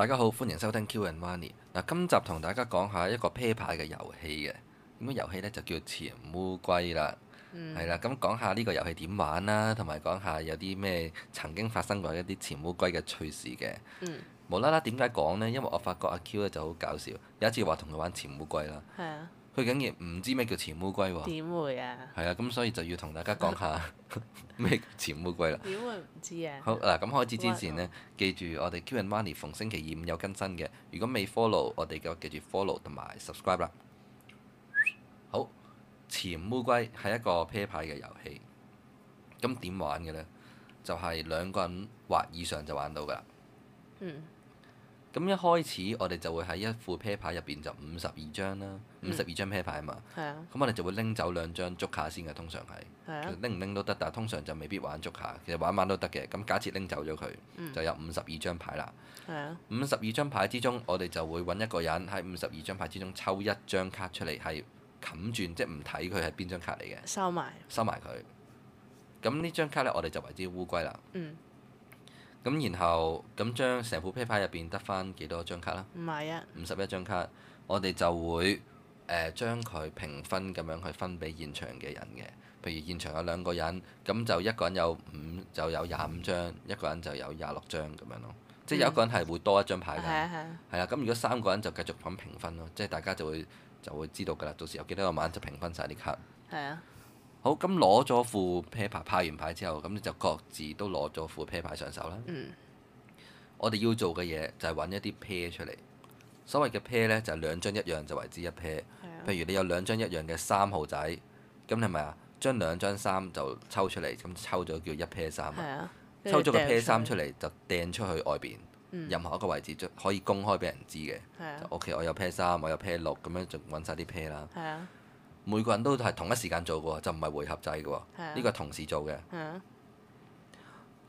大家好，歡迎收聽 Q and Money。嗱、啊，今集同大家講下一個 pair 牌嘅遊戲嘅，點樣遊戲呢、這個、就叫潛烏龜啦，係啦。咁、嗯、講下呢個遊戲點玩啦，同埋講下有啲咩曾經發生過一啲潛烏龜嘅趣事嘅。嗯、無啦啦點解講呢？因為我發覺阿、啊、Q 呢就好搞笑，有一次話同佢玩潛烏龜啦。佢竟然唔知咩叫潛烏龜喎？點會啊！係啊，咁所以就要同大家講下咩 叫潛烏龜啦。點會唔知啊？好嗱，咁開始之前呢，記住我哋 Kiran Money 逢星期二五有更新嘅。如果未 follow 我哋嘅，記住 follow 同埋 subscribe 啦。好，潛烏龜係一個 pair 牌嘅遊戲。咁點玩嘅呢？就係、是、兩個人或以上就玩到㗎。嗯。咁一開始，我哋就會喺一副啤牌入邊就五十二張啦，五十二張啤牌啊嘛。係咁、嗯啊、我哋就會拎走兩張 Joker 先嘅，通常係。拎唔拎都得，但係通常就未必玩 Joker，其實玩玩都得嘅。咁假設拎走咗佢，嗯、就有五十二張牌啦。五十二張牌之中，我哋就會揾一個人喺五十二張牌之中抽一張卡出嚟，係冚轉，即唔睇佢係邊張卡嚟嘅。收埋。收埋佢。咁呢張卡呢，我哋就為之烏龜啦。嗯咁然後咁將成副啤牌入邊得翻幾多張卡啦？唔係啊，五十一張卡，我哋就會誒將佢平分咁樣去分俾現場嘅人嘅。譬如現場有兩個人，咁就一個人有五，就有廿五張；一個人就有廿六張咁樣咯。即係有一個人係會多一張牌㗎。係啊係啦，咁如果三個人就繼續咁平分咯，即係大家就會就會知道㗎啦。到時有幾多個晚就平分晒啲卡。係啊。好，咁攞咗副 pair 牌，派完牌之後，咁你就各自都攞咗副 pair 牌上手啦。嗯、我哋要做嘅嘢就係揾一啲 pair 出嚟。所謂嘅 pair 咧，就係兩張一樣就為之一 pair。係啊。譬如你有兩張一樣嘅三號仔，咁係咪啊？將兩張三就抽出嚟，咁抽咗叫一 pair 三啊。抽咗個 pair 三出嚟就掟出去外邊，嗯、任何一個位置就可以公開俾人知嘅。係啊就啊。O.K. 我有 pair 三，我有 pair 六，咁樣就揾晒啲 pair 啦。係啊。每個人都係同一時間做嘅，就唔係回合制嘅。呢、啊、個同時做嘅。嚇、啊！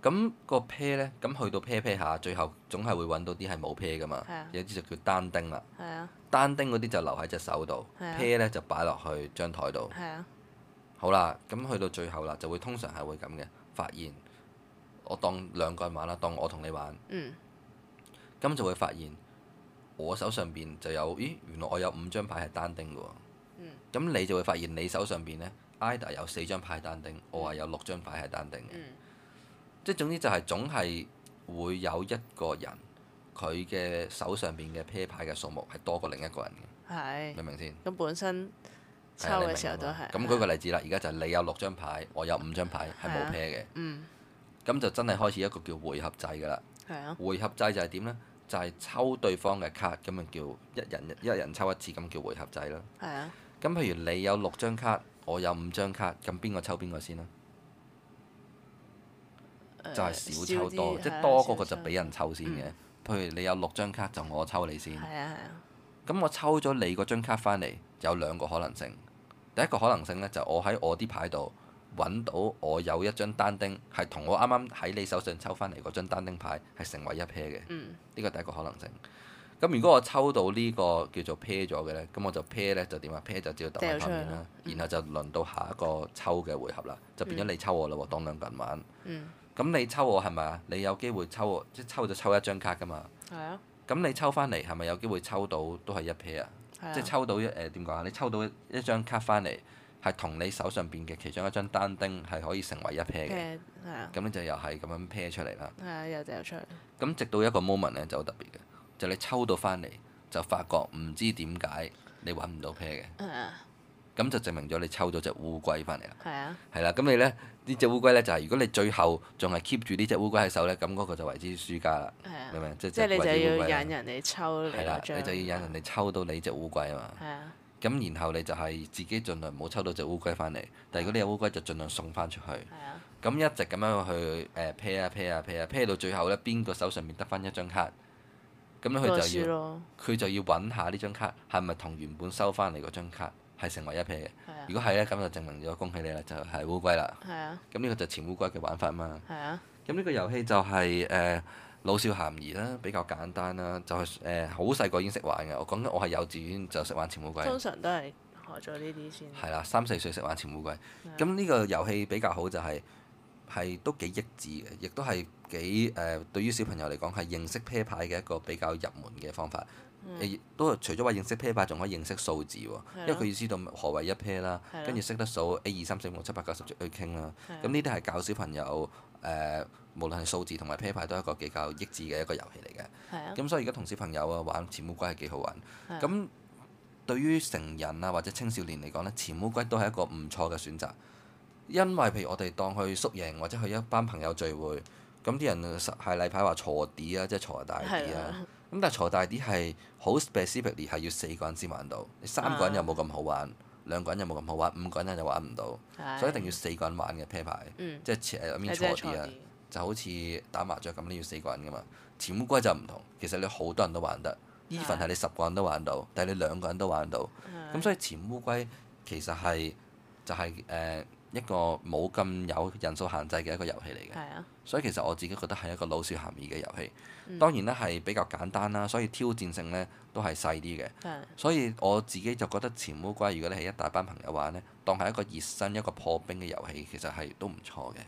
咁個 pair 咧，咁去到 pair pair 下，最後總係會搵到啲係冇 pair 嘅嘛。啊、有啲就叫單丁啦。係、啊、單丁嗰啲就留喺隻手度。係啊。pair 咧就擺落去張枱度。啊、好啦，咁去到最後啦，就會通常係會咁嘅發現。我當兩個人玩啦，當我同你玩。嗯。咁就會發現我手上邊就有，咦？原來我有五張牌係單丁嘅喎。咁你就會發現，你手上邊咧，ida 有四張牌單定，我話有六張牌係單定嘅。嗯、即係總之就係總係會有一個人佢嘅手上邊嘅 pair 牌嘅數目係多過另一個人嘅。是明唔明先？咁本身抽嘅時候都係咁舉個例子啦。而家就係你有六張牌，我有五張牌係冇 pair 嘅，咁、嗯、就真係開始一個叫回合制㗎喇。係啊、嗯，回合制就係點咧？就係、是、抽對方嘅卡，a r 咁就叫一人一人，一人抽一次，咁叫回合制啦。係啊、嗯。咁譬如你有六張卡，我有五張卡，咁邊個抽邊個先啦？呃、就係少抽多，即多嗰個就俾人抽先嘅。抽譬如你有六張卡，就我抽你先。係咁、嗯、我抽咗你嗰張卡翻嚟，有兩個可能性。第一個可能性呢，就係、我喺我啲牌度揾到我有一張單丁，係同我啱啱喺你手上抽翻嚟嗰張單丁牌，係成為一 pair 嘅。呢個、嗯、第一個可能性。咁如果我抽到呢個叫做 pair 咗嘅咧，咁我就 pair 咧就點啊？pair 就照有揼喺下面啦，嗯、然後就輪到下一個抽嘅回合啦，就變咗你抽我啦，當兩個人玩。嗯。咁你抽我係咪啊？你有機會抽我，即係抽就抽一張卡噶嘛。係咁是、啊、你抽翻嚟係咪有機會抽到都係一 pair 是啊？即係抽到一誒點講啊？你抽到一張卡翻嚟，係同你手上邊嘅其中一張單丁係可以成為一 pair 嘅。係咁是、啊、就又係咁樣 pair 出嚟啦。係啊，又就又出。咁直到一個 moment 咧就好特別嘅。就你抽到翻嚟，就發覺唔知點解你揾唔到 pair 嘅，咁、啊、就證明咗你抽咗隻烏龜翻嚟啦。係啊，係啦、啊，咁你咧呢隻烏龜呢？就係、是、如果你最後仲係 keep 住呢隻烏龜喺手呢，咁嗰個就為之輸家啦。明唔明？即即係為之輸家、啊。你就要引人哋抽，你就要引人哋抽到你隻烏龜啊嘛。係啊。咁然後你就係自己盡量唔好抽到隻烏龜翻嚟，但如果你有烏龜就盡量送翻出去。係啊。咁一直咁樣去誒 pair 啊 pair 啊 pair 啊 pair、啊、到最後呢邊個手上面得翻一張卡？咁樣佢就要佢就要揾下呢張卡係咪同原本收翻嚟嗰張卡係成為一撇？嘅、啊？如果係呢，咁就證明咗恭喜你啦，就係、是、烏龜啦。係咁呢個就潛烏龜嘅玩法嘛。係咁呢個遊戲就係、是、誒、呃、老少咸宜啦，比較簡單啦，就係誒好細個已經識玩嘅。我講緊我係幼稚園就識玩潛烏龜。通常都係學咗呢啲先。係啦、啊，三四歲識玩潛烏龜。咁呢、啊、個遊戲比較好就係、是。係都幾益智嘅，亦都係幾誒對於小朋友嚟講係認識 pair 牌嘅一個比較入門嘅方法。亦、嗯、都除咗話認識 pair 牌，仲可以認識數字喎，嗯、因為佢要知道何為一 pair 啦、嗯，跟住識得數 A 二三四五六七八九十，去傾啦。咁呢啲係教小朋友誒、呃，無論係數字同埋 pair 牌都係一個比較益智嘅一個遊戲嚟嘅。咁、嗯、所以而家同小朋友啊玩潛烏龜係幾好玩。咁、嗯嗯、對於成人啊或者青少年嚟講咧，潛烏龜都係一個唔錯嘅選擇。因為譬如我哋當去宿營或者去一班朋友聚會，咁啲人係例牌話鋤啲啊，即係鋤大啲啊。咁但係鋤大啲係好 specific 係要四個人先玩到，你三個人又冇咁好玩，兩個人又冇咁好玩，五個人又玩唔到，所以一定要四個人玩嘅啤牌，即係前面鋤啲啊，就好似打麻雀咁你要四個人㗎嘛。潛烏龜就唔同，其實你好多人都玩得 even 係你十個人都玩到，但係你兩個人都玩到咁，所以潛烏龜其實係就係誒。一個冇咁有人數限制嘅一個遊戲嚟嘅，啊、所以其實我自己覺得係一個老少咸宜嘅遊戲。嗯、當然咧係比較簡單啦，所以挑戰性呢都係細啲嘅。的所以我自己就覺得潛烏龜，如果你係一大班朋友玩呢，當係一個熱身、一個破冰嘅遊戲，其實係都唔錯嘅。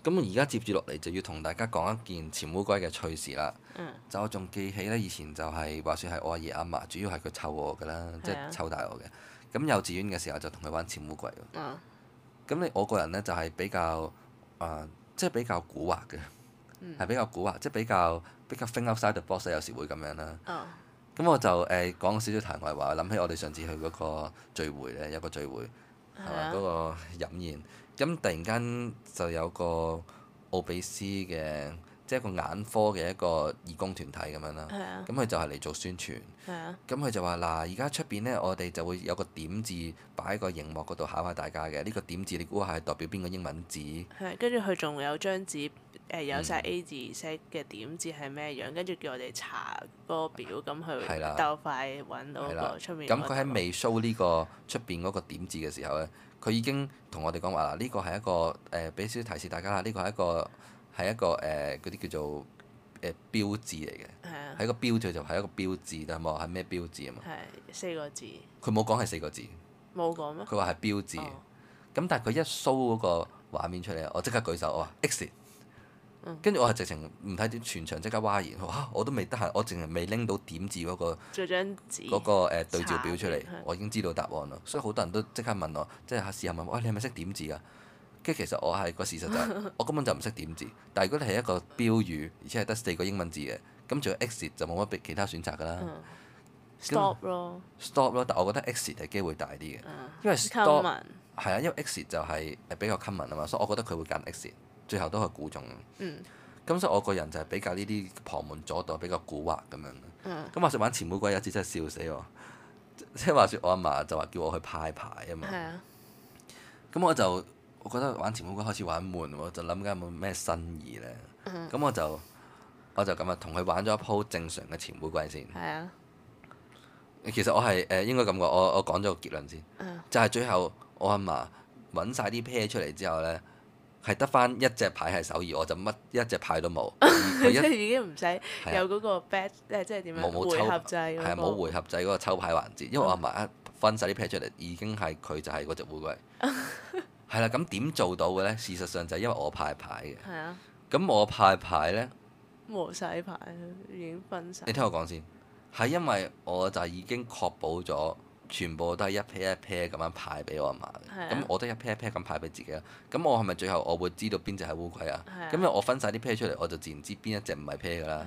咁而家接住落嚟就要同大家講一件潛烏龜嘅趣事啦。嗯、就我仲記起呢，以前就係、是、話説係我阿爺阿嫲，主要係佢湊我㗎啦，即係湊大我嘅。咁幼稚園嘅時候就同佢玩潛烏龜喎。咁你我個人咧就係、是、比較誒，即、呃、係、就是、比較古惑嘅，係、嗯、比較古惑，即、就、係、是、比較比較 think outside the box，s 有時會咁樣啦。咁、哦、我就誒、呃、講少少題外話，諗起我哋上次去嗰個聚會咧，有個聚會係嘛，嗰個飲宴，咁突然間就有個奧比斯嘅。即係個眼科嘅一個義工團體咁樣啦，咁佢的就係嚟做宣傳，咁佢的就話嗱，而家出邊呢，我哋就會有個點字擺喺個熒幕嗰度考下大家嘅，呢、這個點字你估下係代表邊個英文字？跟住佢仲有張紙，呃嗯、有晒 A 字寫嘅點字係咩樣？跟住叫我哋查嗰個表，咁去的就快揾到個出面。咁佢喺未 show 呢個出邊嗰個點字嘅時候呢，佢已經同我哋講話啦，呢個係一個誒，俾少少提示大家啊，呢個係一個。係一個誒嗰啲叫做誒、呃、標誌嚟嘅，係是啊，係一個標誌就係一個標誌，但係冇話係咩標誌啊嘛，係四個字。佢冇講係四個字，冇講咩，佢話係標誌，咁、哦、但係佢一 show 嗰個畫面出嚟，我即刻舉手，我話 X、嗯。跟住我係直情唔睇，全場即刻嘩然，我都未得閒，我淨係未拎到點字嗰、那個。嗰張紙。嗰個對照表出嚟，我已經知道答案啦，所以好多人都即刻問我，即係試下問我，餵、哎、你係咪識點字啊？即其實我係個事實就係我根本就唔識點字， 但係如果你係一個標語，而且係得四個英文字嘅，咁除咗 X 就冇乜別其他選擇㗎啦。Stop 咯，stop 咯，但我覺得 X 係機會大啲嘅，嗯、因為 stop 係、嗯、啊，因為 X 就係比較 common 啊嘛，所以我覺得佢會揀 X，最後都係估中。咁、嗯、所以我個人就係比較呢啲旁門左道比較古惑咁樣。咁、嗯、話説玩前每季有一次真係笑死我，即 係話説我阿嫲就話叫我去派牌啊嘛。咁、嗯、我就我覺得玩潛烏龜開始玩悶，我就諗緊有冇咩新意咧。咁、嗯、我就我就咁啊，同佢玩咗一鋪正常嘅潛烏龜先。係啊。其實我係誒、呃、應該咁講，我我講咗個結論先，嗯、就係最後我阿嫲揾晒啲 pair 出嚟之後咧，係得翻一隻牌係手餘，我就乜一隻牌都冇。佢一 即已經唔使有嗰個 bet、啊、即係即係點樣抽回合制係啊，冇回合制嗰個抽牌環節，因為我阿嫲一分晒啲 pair 出嚟，已經係佢就係嗰隻烏龜。嗯 係啦，咁點做到嘅咧？事實上就係因為我派牌嘅。咁係啊。我派牌咧，和曬牌，已經分曬。你聽我講先，係因為我就已經確保咗。全部都係一 pair 一 pair 咁樣派俾我阿嫲嘅，咁是的 我都一 pair 一 pair 咁派俾自己啦。咁我係咪最後我會知道邊隻係烏龜啊？咁是的 我分晒啲 pair 出嚟，我就自然知邊一隻唔係 pair 噶啦。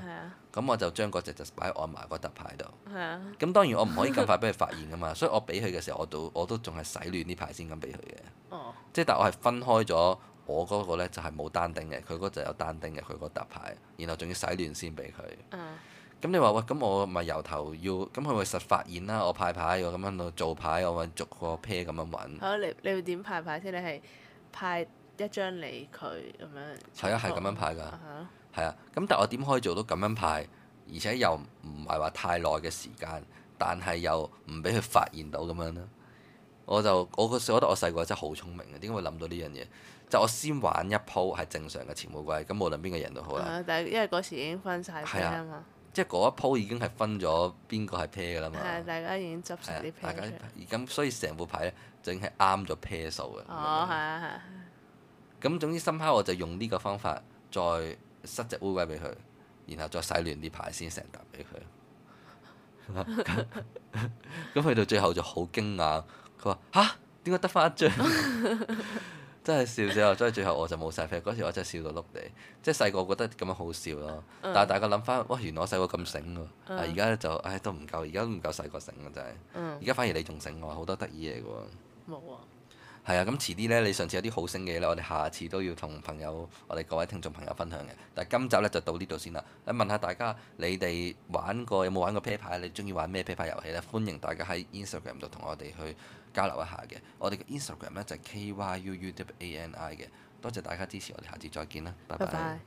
咁是的 我就將嗰隻就擺喺我阿嫲嗰沓牌度。咁是的 當然我唔可以咁快俾佢發現㗎嘛，所以我俾佢嘅時候，我都我都仲係洗亂啲牌先咁俾佢嘅。哦、即係但係我係分開咗我嗰個咧，就係冇單丁嘅，佢嗰隻有單丁嘅，佢嗰沓牌，然後仲要洗亂先俾佢。嗯咁你話喂，咁我咪由頭要咁佢咪實發現啦、啊。我派牌我咁樣度做牌，我逐個 pair 咁樣揾、啊。你你會點派牌先？你係派一張嚟佢咁樣。係啊，係咁樣派㗎。係、uh huh. 啊，咁但係我點可以做到咁樣派，而且又唔係話太耐嘅時間，但係又唔俾佢發現到咁樣呢？我就我個，我覺得我細個真係好聰明嘅、啊，點解會諗到呢樣嘢？就我先玩一鋪係正常嘅前無貴咁，無論邊個人都好啦、啊。Uh huh. 但係因為嗰時已經分晒、啊。啊嘛。即係嗰一鋪已經係分咗邊個係 pair 嘅啦嘛，係大家已經執實啲 pair，咁所以成副牌咧正係啱咗 pair 數嘅。哦，係係。咁總之，深刻我就用呢個方法再塞隻烏龜俾佢，然後再洗亂啲牌先成沓俾佢。咁去 到最後就好驚訝，佢話：嚇點解得翻一張？ 真係笑死我，真係最後我就冇晒，feel。嗰時我真係笑到碌地，即係細個覺得咁樣好笑咯。但係大家諗翻，哇，原來我細個咁醒喎，而家就，唉、哎，都唔夠，而家都唔夠細個醒啊！真係，而家反而你仲醒我好多得意嘢嘅喎。冇啊。係啊，咁遲啲呢，你、嗯、上次有啲好醒嘅嘢咧，我哋下次都要同朋友，我哋各位聽眾朋友分享嘅。但係今集呢，就到呢度先啦。誒，問下大家你有有，你哋玩過有冇玩過啤牌？你中意玩咩啤牌遊戲呢？歡迎大家喺 Instagram 度同我哋去交流一下嘅。我哋嘅 Instagram 呢，就係 kyuwanii u 嘅。多謝大家支持，我哋下次再見啦，拜拜。拜拜